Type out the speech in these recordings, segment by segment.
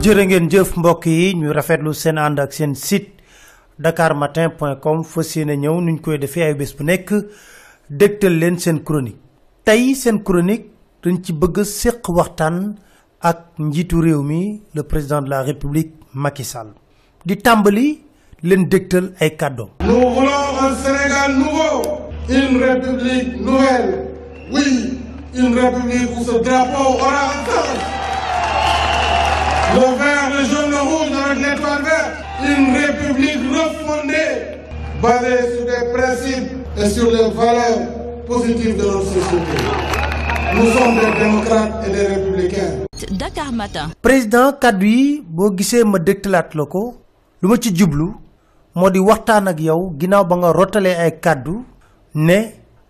jërë ngeen jëf mbokk site dakarmatin.com fas yéene nuñ koy ay bu chronique chronique le président de la république Macky Sall di tàmbali leen ay Nous voulons un Sénégal nouveau. Une république nouvelle. Oui, une république où ce drapeau aura le vert, le jaune, le rouge avec l'étoile verte. Une république refondée, basée sur des principes et sur les valeurs positives de notre société. Nous sommes des démocrates et des républicains. Dakar Matin. président kaddu yi boo gisee ma dégtalaat la ko lu ma ci jublu moo di waxtaan ak yow ginnaaw ba nga rotalee ay kaddu ne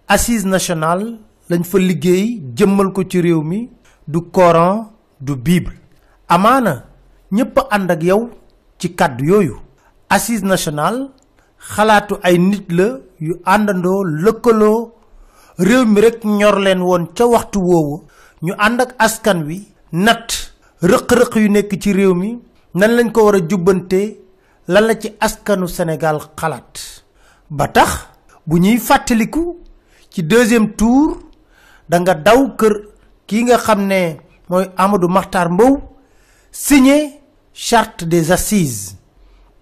assise nationale lañ fa liggéey jëmmal ko ci réew mi du Coran du Bible. amaana ñépp ànd ak yow ci kàddu yooyu assise nationale xalaatu ay nit la yu àndandoo lëkkaloo réew mi rekk ñor leen woon ca waxtu woowu ñu ànd ak askan wi nat rëq-rëq yu nekk ci réew mi nan lañ ko war a jubbante lan la ci askanu senegal xalaat ba tax bu ñuy fàttaliku ci deuxième tour da nga daw kër ki nga xam ne mooy Amadou Mahtar Mbow signé charte des assises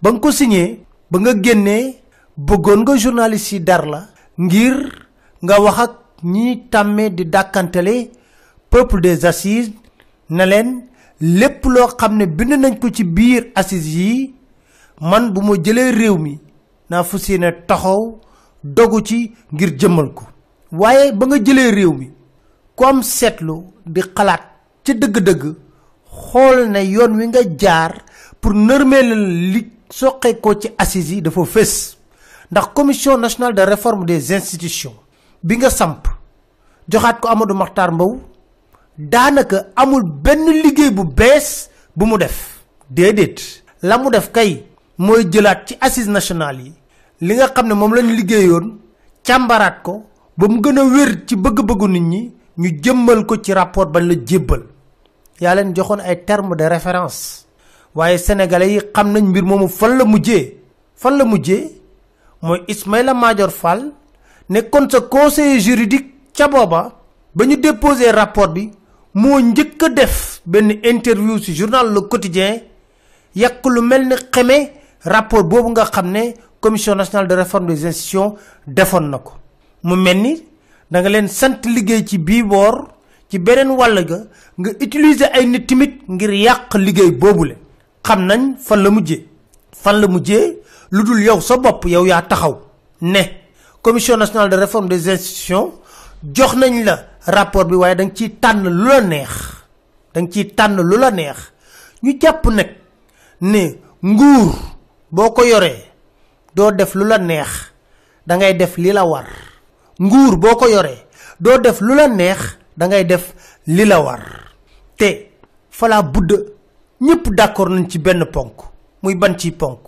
ba nga ko signé ba nga génnee bëggoon nga journaliste yi dar la ngir nga wax ak ñi tàmmee di dàkkantale peuple des assises na leen lépp loo xam ne bind nañ ko ci biir assises yi man bu ma jëlee réew mi naa fas yéene taxaw dogu ci ngir jëmmal ko waaye ba nga jëlee réew mi ku am seetlu di xalaat ci dëgg-dëgg xool ne yoon wi nga jaar pour nërmeelal li soqe ko ci assises yi dafa fës ndax commission nationale de réforme des institutions bi nga samp joxaat ko Amadou maxtar Mbow daanaka amul benn liggéey bu bees bu mu def déedéet la mu def kay mooy jëlaat ci assises nationales yi li nga xam ne moom liggéey yoon càmbaraat ko ba mu gën a wér ci bëgg-bëggu nit ñi ñu jëmmal ko ci rapport bañ la jébbal yaa leen joxoon ay termes de référence waaye sénégalais yi xam nañ mbir moomu fan la mujjee fan la mujjee mooy Ismaïla Madior Fall kon sa conseiller juridique ca booba ba ñu rapport bi moo njëkk def benn interview ci journal Le Quotidien yàq lu mel ni xeme rapport boobu nga xam ne commission nationale de réforme des institutions defoon na ko mu mel ni da nga leen sant liggéey ci bii boor ci beneen wàll ga nga utiliser ay nit tamit ngir yàq liggéey boobu boobule xam nañ fan la mujjee fan la mujje lu dul yow sa bopp yow yaa taxaw ne commission nationale de réforme des institutions jox nañ la rapport bi waaye da nga ciy tànn lu la neex da nga ciy tànn lu la neex ñu jàpp nag ne nguur boo ko yoree doo def lu la neex da ngay def li la war nguur boo ko yoree doo def lu la neex da ngay def li la war te fala budd ñepp d'accord nañ ci benn ponk muy ban ci ponk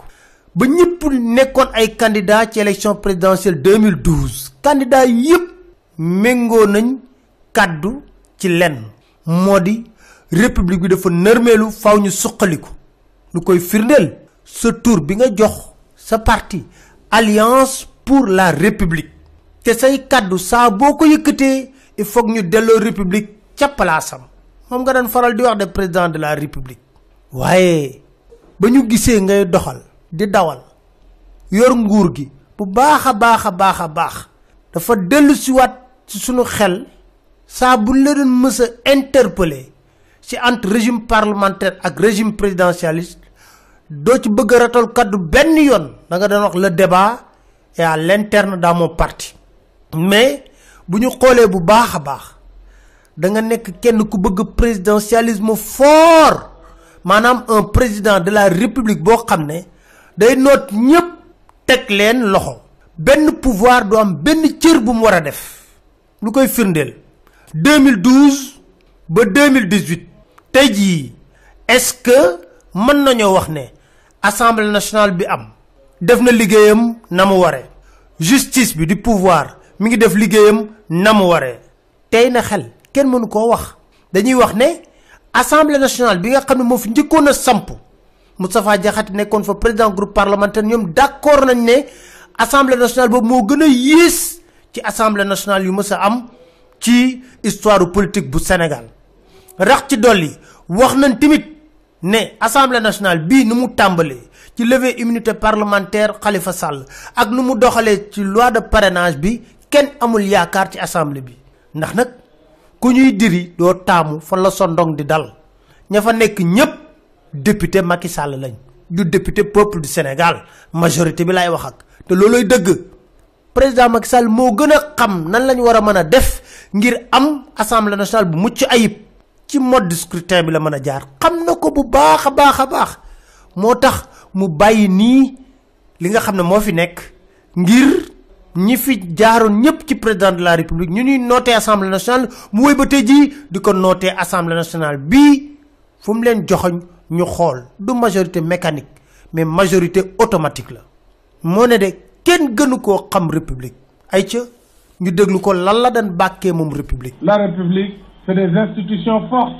ba ñepp nekkon ay candidat ci élection présidentielle 2012 candidat yépp mengo nañ kaddu ci lenn modi république bi dafa nermelu faaw ñu suqaliku lu koy firndeel sa tour bi nga jox sa parti alliance pour la république te say kaddu sa boko yëkëté il faut que ñu la république ca palaasam mom nga doon faral di wax de président de la république. waye bañu ñu ngay doxal di dawal yor nguur gi bu baakha baakha baakha a baax a baax dafa dellu siwaat ci sunu xel sa bu la done meuse interpeller ci entre régime parlementaire ak régime présidentialiste do ci bëgg a ratal kaddu ben yoon da nga doon wax le débat et à l'interne dans mon parti mais buñu xolé bu baax baax da nga nek kenn ku bëgg présidentialisme fort manam un président de la république bo xamné day note ñépp tek leen loxo benn pouvoir do am benn cër bu mu wara def lu koy firndel 2012 ba 2018 tay ji est-ce que mën nañu wax né assemblée nationale bi am def na liggéeyam namu waré justice bi du pouvoir mi ngi def liggéeyam na mu waree. tey na xel kenn mënu koo wax dañuy wax ne assemblée nationale bi nga xam ne moo fi njëkkoon a samp Moustapha Diakhaté nekkoon fa président groupe parlementaire ñoom d'accord nañ ne assemblée nationale boobu moo gën a yées ci assemblée nationale yu mës a am ci histoire politique bu Sénégal rax ci dolli wax nañ tamit ne assemblée nationale bii nu mu tàmbalee ci levée immunité parlementaire xalifa Sall ak nu mu doxalee ci loi de parrainage bi kenn amul yaakaar ci assemblée bi ndax nag ku ñuy diri doo taamu fa la sondong di dal ña fa nekk ñépp député Macky Sall lañ du député peuple du Sénégal majorité bi lay wax ak te looloy dëgg président Macky Sall moo gën a xam nan lañ war a def ngir am assemblée nationale bu mucc ayib ci mode scrutin bi la mën a jaar xam na ko bu baax a baax a baax moo mu bàyyi nii li nga xam ne fi nekk ngir ñi fi jaaroon ñëpp ci président de la république ñu ñuy noté assemblée nationale mu wéy ba tey jii di assemblée nationale bii fu mu leen joxoñ ñu xool du majorité mécanique mais majorité automatique la. moo ne de kenn gënu koo xam république. ay ca ñu déglu ko lan la république. la république c'est des institutions fortes.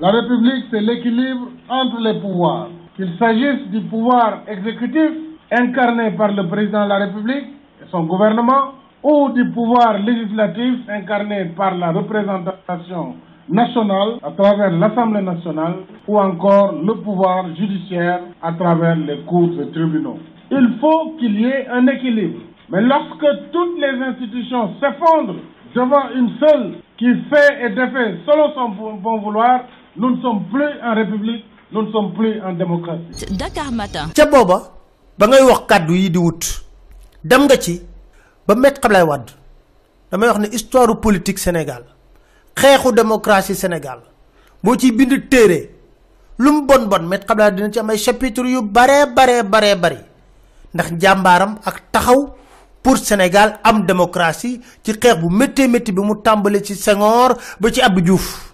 la république c'est l'équilibre entre les pouvoirs. qu'il s'agisse du pouvoir exécutif incarné par le président de la république son gouvernement ou du pouvoir législatif incarné par la représentation nationale à travers l'Assemblée nationale ou encore le pouvoir judiciaire à travers les cours et tribunaux. Il faut qu'il y ait un équilibre. Mais lorsque toutes les institutions s'effondrent devant une seule qui fait et défait selon son bon vouloir, nous ne sommes plus en république, nous ne sommes plus en démocratie. Dakar Matin. dem nga ci ba met Ablaye Wade damay wax ne histoire politique Sénégal xeexu démocratie Sénégal boo ciy bind téere lu mu bon bon met Ablaye dina ci amay ay chapitre yu baree baree baree bari ndax jàmbaaram ak taxaw pour Sénégal am démocratie ci xeex bu méttee métti bi mu tàmbale ci Senghor ba ci Abdou juuf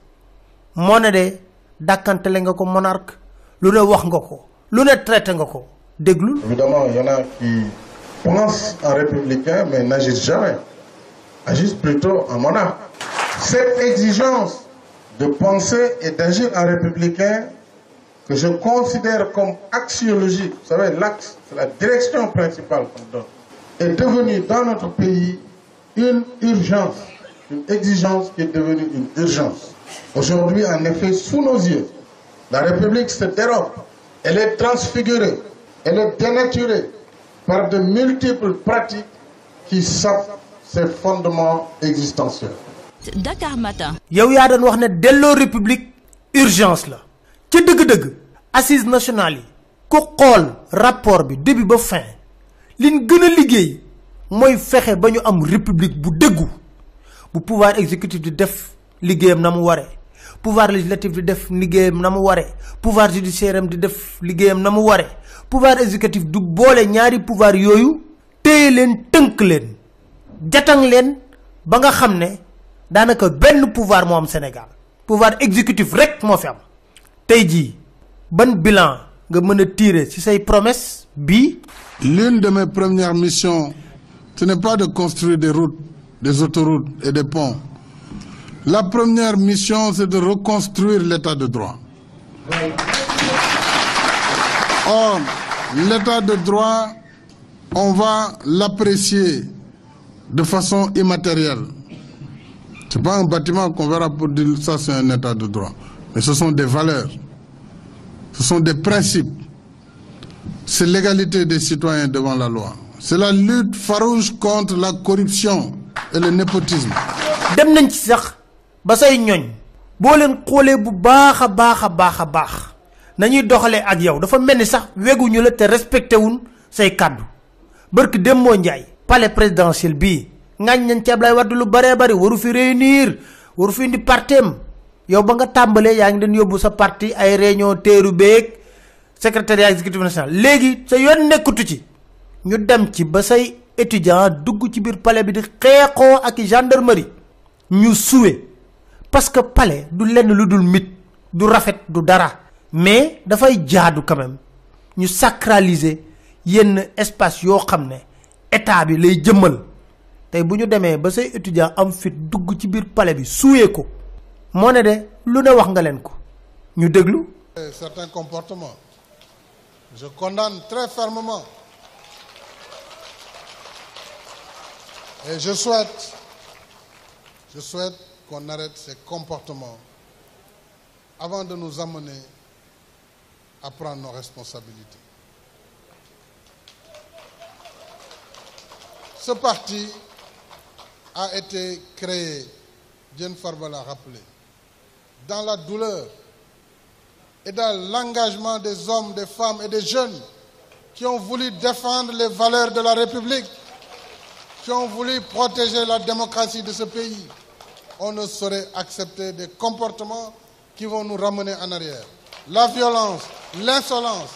moo ne de dàkkantele nga ko monarque lu ne wax nga ko lu ne traité nga ko déglul pense en républicain, mais n'agissent jamais. Agissent plutôt en monarque. Cette exigence de penser et d'agir en républicain que je considère comme axiologique, vous savez, l'axe, c'est la direction principale qu'on donne, est devenue dans notre pays une urgence, une exigence qui est devenue une urgence. Aujourd'hui, en effet, sous nos yeux, la République se dérobe, elle est transfigurée, elle est dénaturée, par de multiples pratiques qui sapent ses fondements existentiels. Dakar Matin. yow ya dañ wax né delloo république urgence la ci deug deug assises nationale yi ku rapport bi début ba fin liñ gën a liggéey mooy fexe ba am république bu dëggu bu pouvoir exécutif di def liggéeyam na waré. pouvoir législatif di def liggéeyam na waré. pouvoir judiciaire de di def liggéeyam na waré pouvoir exécutif du bolé ñaari pouvoir yoyu téye leen tënk leen jatang leen ba nga xamné danaka pouvoir mo am Sénégal pouvoir exécutif rek mo fi am tey bilan nga mën tirer ci say promesse l'une de mes premières missions ce n'est pas de construire des routes des autoroutes et des ponts la première mission c'est de reconstruire l'état de droit L'état de droit, on va l'apprécier de façon immatérielle. Ce n'est pas un bâtiment qu'on verra pour dire ça c'est un état de droit. Mais ce sont des valeurs. Ce sont des principes. C'est l'égalité des citoyens devant la loi. C'est la lutte farouche contre la corruption et le népotisme. nañuy doxalee ak yow dafa mel ni sax weguñu la te respecté wuñ say kàddu barki Demba pale palais présidentiel bii ŋañ ceeb lay war Wade lu baree bari waru fi réunir waru fi indi partem yow ba nga tàmbalee yaa ngi leen yóbbu sa parti ay réunion teeru beeg secrétariat exécutif national léegi sa yoon nekkutu ci ñu dem ci ba say étudiant dugg ci biir pale bi di xeexoo ak gendarmerie ñu suwe parce que palais du lenn lu dul mit du rafet du dara. mais Il jaadu quand même ñu sacraliser yenn espace yo xam état bi lay jëmmal tay buñu démé ba say étudiant am fit dugg ci bir palais bi suuyee ko moo ne de lu né wax nga len ko ñu déglu. certains comportements je condamne très fermement et je souhaite je souhaite qu'on arrête ces comportements avant de nous amener à prendre nos responsabilités. Ce parti a été créé, Diane Farba l'a rappelé, dans la douleur et dans l'engagement des hommes, des femmes et des jeunes qui ont voulu défendre les valeurs de la République, qui ont voulu protéger la démocratie de ce pays. On ne saurait accepter des comportements qui vont nous ramener en arrière la violence, l'insolence,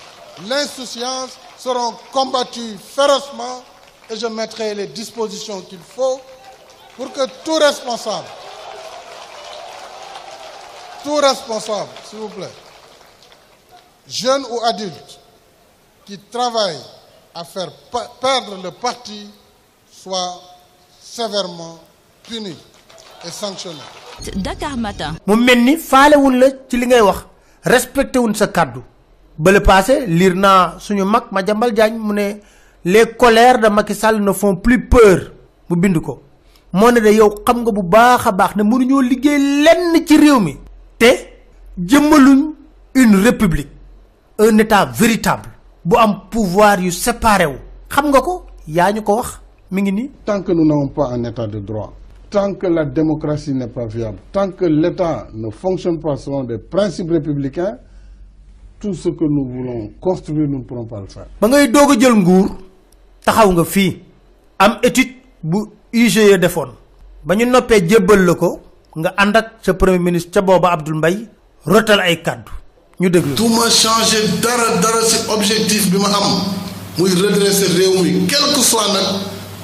l'insouciance seront combattues férocement et je mettrai les dispositions qu'il faut pour que tout responsable, tout responsable, s'il vous plaît, jeune ou adulte, qui travaille à faire perdre le parti soit sévèrement puni et sanctionné. Dakar Matin. Respecte un sa kàddu bale passé lire na suñu mak Madiambal Diagne mu ne les colères de Macky ne font plus peur mu bind ko ne de yow xam nga bu ne lenn ci te jëmmaluñ une république un état véritable bu am pouvoir yu séparé wu xam nga ko yañu ko wax mi ngi tant que nous n'avons pas un état de droit tant que la démocratie n'est pas viable, tant que l'État ne fonctionne pas selon des principes républicains, tout ce que nous voulons construire, nous ne pourrons pas le faire. ba ngay doog a Ngour, taxaw nga fii am étude bu UGE de ba ñu noppee jébbal la nga ànd ak premier ministre ca booba Abdoul Mbaye rotal ay kàddu ñu déglu. tout ma changé dara dara ci objectif bi ma am muy redresser réew mi quel que soit nak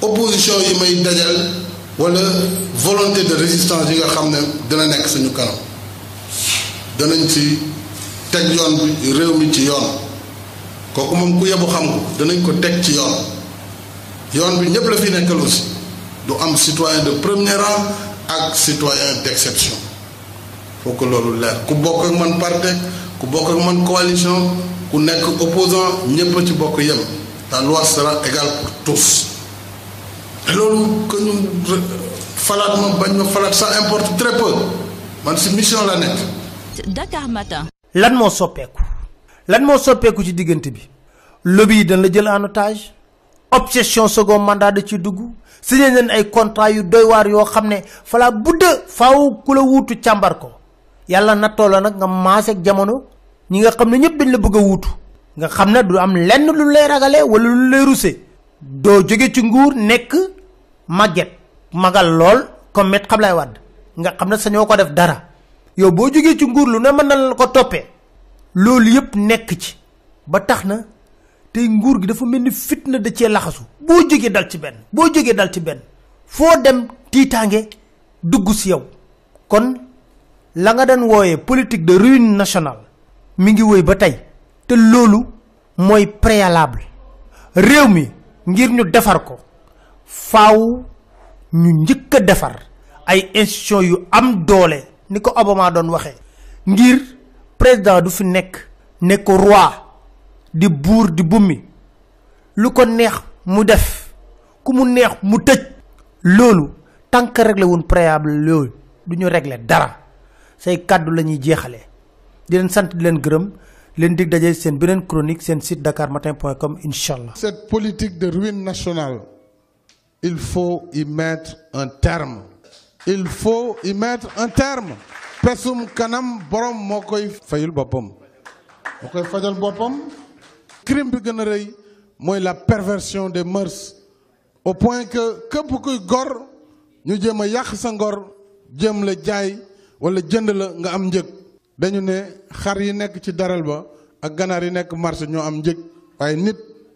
opposition yi may dajal wala volonté de résistance yi nga xam ne dina nekk suñu kanam danañ ci teg yoon bi réew mi ci yoon kooku moom ku yebu xam ko danañ ko teg ci yoon yoon bi ñëpp la fi nekkal aussi du am citoyen de premier rang ak citoyen d'exception faut que loolu leer ku bokk ak man parti ku bokk ak man coalition ku nekk opposant ñëpp ci bokk yem la loi sera égale pour tous te loolu que ñu euh, falaat ma bañ ma falaat ça importe très peu man si mission la nekk. Dakar Matin. lan moo soppeeku. lan moo soppeeku ci diggante bi. lobby yi dañ la jël en otage. obsession second mandat de ci dugg signé nañ ay contrat yu doy waar yoo xam ne falaa budda faaw ku la wuutu càmbar ko yàlla na la nag nga maaseeg jamono ñi nga xam ne ñëpp dañ la bëgg a wuutu nga xam ne du am lenn lu lay ragalee wala lu lay rusé doo jóge ci nguur nekk màgget magal lool comme met Ablaye Wade nga xam ne sañoo ko def dara yow boo jógee ci nguur lu ne mën na la ko toppee loolu yëpp nekk ci ba tax na tey nguur gi dafa mel ni fitna da cee laxasu boo jógee dal ci benn boo jógee dal ci benn foo dem tiitaange dugg si yow kon la nga daan wooyee politique de ruine nationale mi ngi woy ba tey te loolu mooy préalable réew mi ngir ñu defar ko faaw ñu njëkk a defar ay institutions yu am doole ni ko Obama doon waxee ngir président du fi nekk nekk roi di buur di bummi lu ko neex mu def ku mu neex mu du ñu dara say kaddu la ñuy di leen sant di leen gërëm leen dig site dakar cette politique de ruine nationale il faut y mettre un terme. Il faut y mettre un terme. pesum kanam borom mokoy fayul crime la perversion des mœurs au point que que kuy gor ñu jëma yak sa la nga am dañu ne xar yi nekk ci daral ba ak yi nekk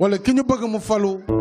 wala ki ñu bëgg mu falu